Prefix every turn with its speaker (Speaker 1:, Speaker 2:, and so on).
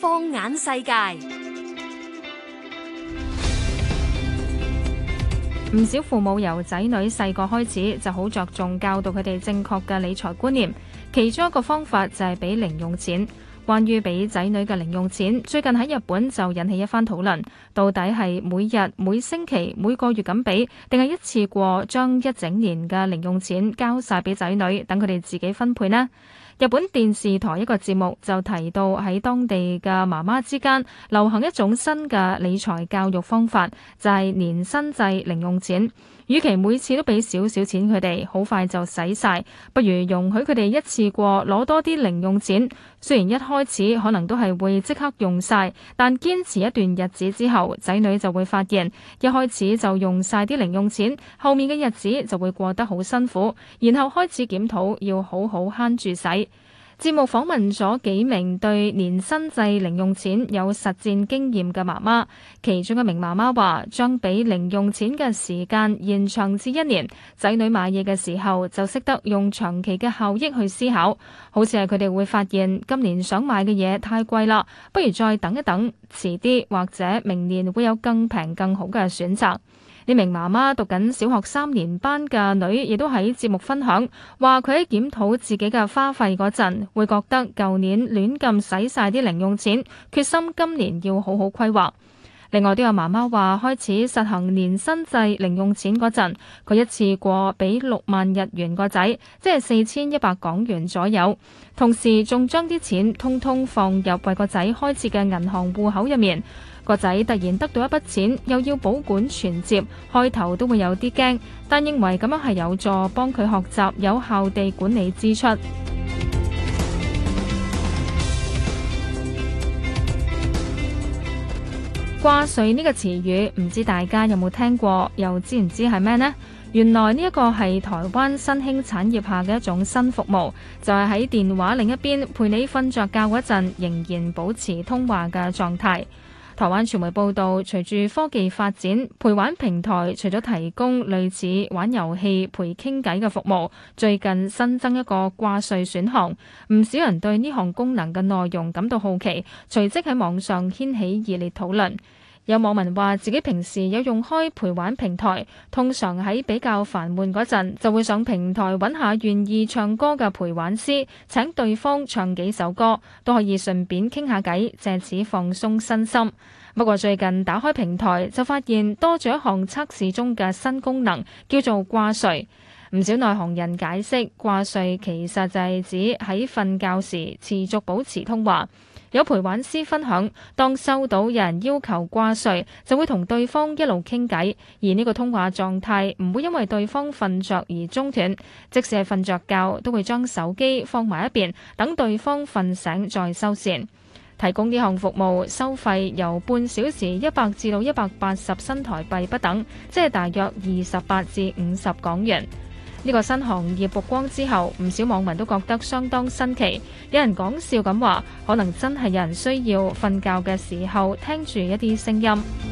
Speaker 1: 放眼世界，唔少父母由仔女細個開始，就好着重教導佢哋正確嘅理財觀念。其中一個方法就係俾零用錢。關於俾仔女嘅零用錢，最近喺日本就引起一番討論。到底係每日、每星期、每個月咁俾，定係一次過將一整年嘅零用錢交晒俾仔女，等佢哋自己分配呢？日本電視台一個節目就提到喺當地嘅媽媽之間流行一種新嘅理財教育方法，就係年薪制零用錢。與其每次都俾少少錢佢哋，好快就使晒，不如容許佢哋一次過攞多啲零用錢。雖然一開始可能都係會即刻用晒，但堅持一段日子之後，仔女就會發現一開始就用晒啲零用錢，後面嘅日子就會過得好辛苦，然後開始檢討要好好慳住使。節目訪問咗幾名對年薪制零用錢有實戰經驗嘅媽媽，其中一名媽媽話：將俾零用錢嘅時間延長至一年，仔女買嘢嘅時候就識得用長期嘅效益去思考。好似係佢哋會發現今年想買嘅嘢太貴啦，不如再等一等，遲啲或者明年會有更平更好嘅選擇。呢名媽媽讀緊小學三年班嘅女，亦都喺節目分享，話佢喺檢討自己嘅花費嗰陣，會覺得舊年亂咁使晒啲零用錢，決心今年要好好規劃。另外都有媽媽話開始實行年薪制零用錢嗰陣，佢一次過俾六萬日元個仔，即係四千一百港元左右。同時仲將啲錢通通放入為個仔開設嘅銀行戶口入面。個仔突然得到一筆錢，又要保管存折，開頭都會有啲驚，但認為咁樣係有助幫佢學習，有效地管理支出。掛睡呢個詞語唔知大家有冇聽過，又知唔知係咩呢？原來呢一個係台灣新興產業，業下嘅一種新服務，就係、是、喺電話另一邊陪你瞓着覺嗰陣，仍然保持通話嘅狀態。台灣傳媒報導，隨住科技發展，陪玩平台除咗提供類似玩遊戲陪傾偈嘅服務，最近新增一個掛睡選項，唔少人對呢項功能嘅內容感到好奇，隨即喺網上掀起熱烈討論。有網民話自己平時有用開陪玩平台，通常喺比較煩悶嗰陣，就會上平台揾下願意唱歌嘅陪玩師，請對方唱幾首歌，都可以順便傾下偈，借此放鬆身心。不過最近打開平台就發現多咗一項測試中嘅新功能，叫做掛睡。唔少內行人解釋，掛睡其實就係指喺瞓覺時持續保持通話。有陪玩師分享，當收到人要求掛睡，就會同對方一路傾偈，而呢個通話狀態唔會因為對方瞓着而中斷，即使係瞓着覺，都會將手機放埋一邊，等對方瞓醒再收線。提供呢項服務收費由半小時100至到180新台幣不等，即係大約28至50港元。呢個新行業曝光之後，唔少網民都覺得相當新奇，有人講笑咁話，可能真係有人需要瞓覺嘅時候聽住一啲聲音。